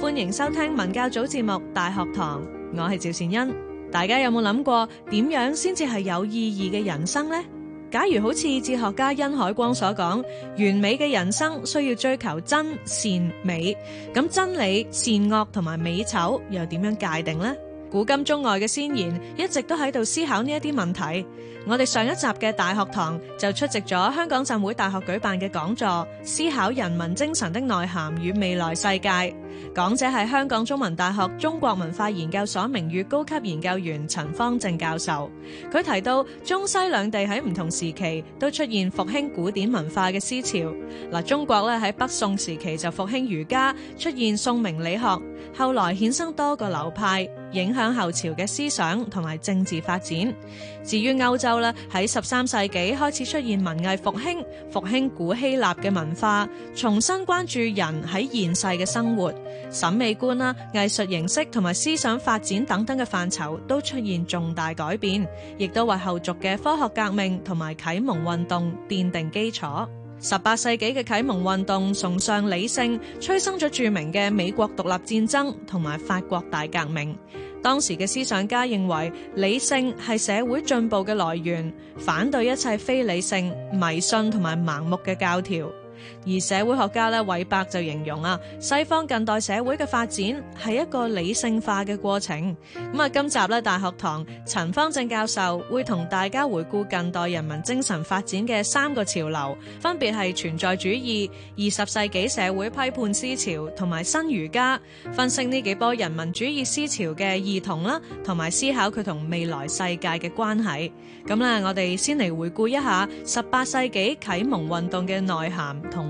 歡迎收聽文教組節目《大學堂》，我係趙善恩。大家有冇諗過點樣先至係有意義嘅人生呢？假如好似哲學家殷海光所講，完美嘅人生需要追求真善美，咁真理善惡同埋美醜又點樣界定呢？古今中外嘅先賢一直都喺度思考呢一啲問題。我哋上一集嘅《大學堂》就出席咗香港浸會大學舉辦嘅講座，思考人文精神的內涵與未來世界。講者係香港中文大學中國文化研究所名譽高級研究員陳方正教授，佢提到中西兩地喺唔同時期都出現復興古典文化嘅思潮。嗱，中國咧喺北宋時期就復興儒家，出現宋明理學，後來衍生多個流派，影響後朝嘅思想同埋政治發展。至於歐洲咧，喺十三世紀開始出現文藝復興，復興古希臘嘅文化，重新關注人喺現世嘅生活、審美觀啦、藝術形式同埋思想發展等等嘅範疇都出現重大改變，亦都為後續嘅科學革命同埋啟蒙運動奠定基礎。十八世紀嘅啟蒙運動崇尚理性，催生咗著名嘅美國獨立戰爭同埋法國大革命。當時嘅思想家認為，理性係社會進步嘅來源，反對一切非理性、迷信同埋盲目嘅教條。而社會學家咧，韋伯就形容啊，西方近代社會嘅發展係一個理性化嘅過程。咁啊，今集咧大學堂陳方正教授會同大家回顧近代人文精神發展嘅三個潮流，分別係存在主義、二十世紀社會批判思潮同埋新儒家，分析呢幾波人文主義思潮嘅異同啦，同埋思考佢同未來世界嘅關係。咁啦，我哋先嚟回顧一下十八世紀啟蒙運動嘅內涵同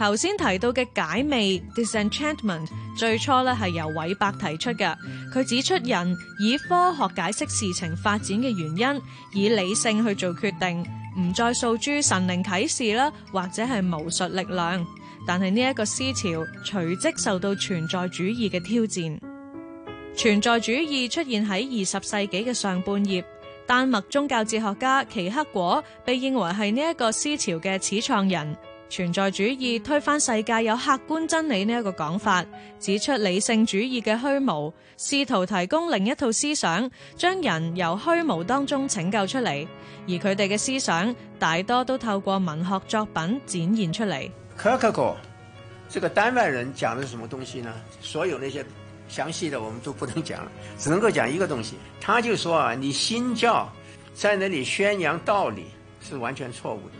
頭先提到嘅解魅 disenchantment，最初咧係由韋伯提出嘅。佢指出人以科學解釋事情發展嘅原因，以理性去做決定，唔再訴諸神靈啟示啦，或者係巫術力量。但係呢一個思潮隨即受到存在主義嘅挑戰。存在主義出現喺二十世紀嘅上半葉，丹麥宗教哲學家奇克果被認為係呢一個思潮嘅始創人。存在主義推翻世界有客觀真理呢一個講法，指出理性主義嘅虛無，試圖提供另一套思想，將人由虛無當中拯救出嚟。而佢哋嘅思想大多都透過文學作品展現出嚟。佢嗰個，這個丹麥人講的是什麼東西呢？所有那些詳細的，我們都不能講，只能夠講一個東西。他就說啊，你新教在那裏宣揚道理，是完全錯誤的。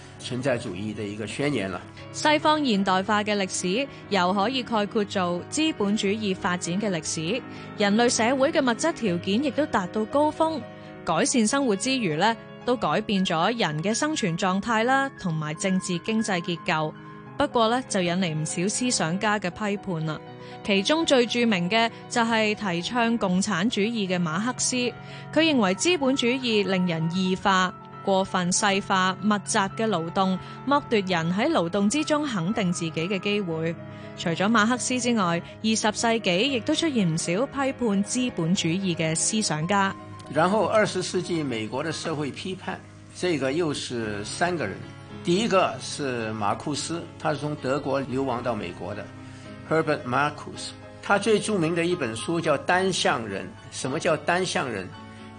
存在主義的一個宣言啦。西方現代化嘅歷史又可以概括做資本主義發展嘅歷史。人類社會嘅物質條件亦都達到高峰，改善生活之餘咧，都改變咗人嘅生存狀態啦，同埋政治經濟結構，不過咧，就引嚟唔少思想家嘅批判啦。其中最著名嘅就係提倡共產主義嘅馬克思，佢認為資本主義令人異化。過分細化、密集嘅勞動，剝奪人喺勞動之中肯定自己嘅機會。除咗馬克思之外，二十世紀亦都出現唔少批判資本主義嘅思想家。然後二十世紀美國嘅社會批判，這個又是三個人。第一個是馬庫斯，他是從德國流亡到美國的，Herbert Marcus。他最著名嘅一本書叫《單向人》。什麼叫單向人？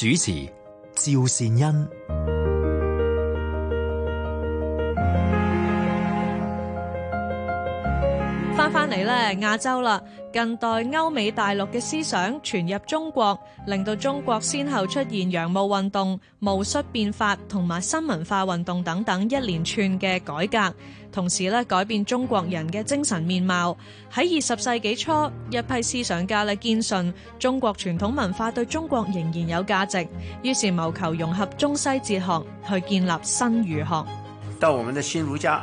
主持趙善恩。嚟亞洲啦，近代歐美大陸嘅思想傳入中國，令到中國先後出現洋務運動、戊戌變法同埋新文化運動等等一連串嘅改革，同時咧改變中國人嘅精神面貌。喺二十世紀初，一批思想家咧堅信中國傳統文化對中國仍然有價值，於是謀求融合中西哲學去建立新儒學。到我們的新儒家。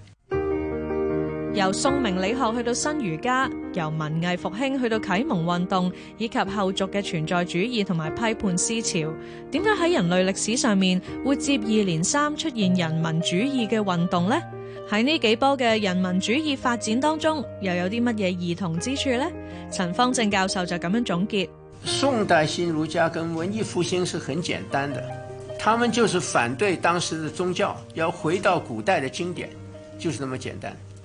由宋明理學去到新儒家，由文藝復興去到啟蒙運動，以及後續嘅存在主義同埋批判思潮，點解喺人類歷史上面會接二連三出現人文主義嘅運動呢？喺呢幾波嘅人文主義發展當中，又有啲乜嘢異同之處呢？陳方正教授就咁樣總結：宋代新儒家跟文藝復興是很簡單嘅，他們就是反對當時的宗教，要回到古代的經典，就是那麼簡單。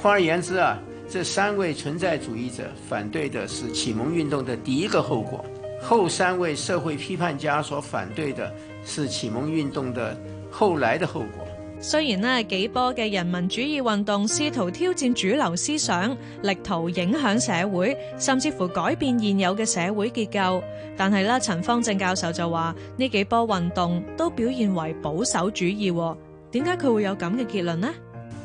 換而言之啊，這三位存在主義者反對的是啟蒙運動的第一個後果；後三位社會批判家所反對的是啟蒙運動的後來的後果。雖然呢，幾波嘅人民主義運動試圖挑戰主流思想，力圖影響社會，甚至乎改變現有嘅社會結構，但係呢，陳方正教授就話呢幾波運動都表現為保守主義。點解佢會有咁嘅結論呢？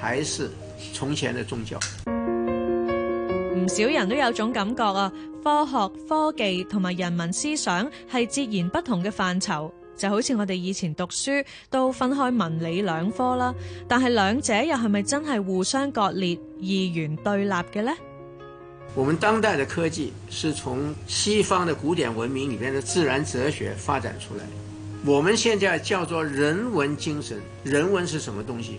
還是從前的宗教，唔少人都有種感覺啊。科學、科技同埋人文思想係截然不同嘅範疇，就好似我哋以前讀書都分開文理兩科啦。但係兩者又係咪真係互相割裂、二元對立嘅呢？我們當代嘅科技是從西方嘅古典文明裏面嘅自然哲學發展出來，我們現在叫做人文精神。人文是什麼東西？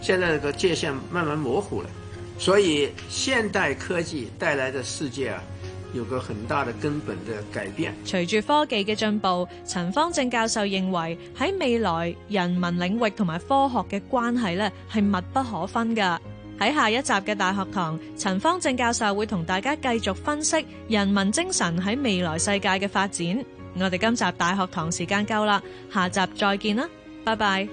現在個界限慢慢模糊了，所以現代科技帶來的世界啊，有個很大的根本的改變。隨住科技嘅進步，陳方正教授認為，喺未來人文領域同埋科學嘅關係咧係密不可分㗎。喺下一集嘅大學堂，陳方正教授會同大家繼續分析人文精神喺未來世界嘅發展。我哋今集大學堂時間夠啦，下集再見啦，拜拜。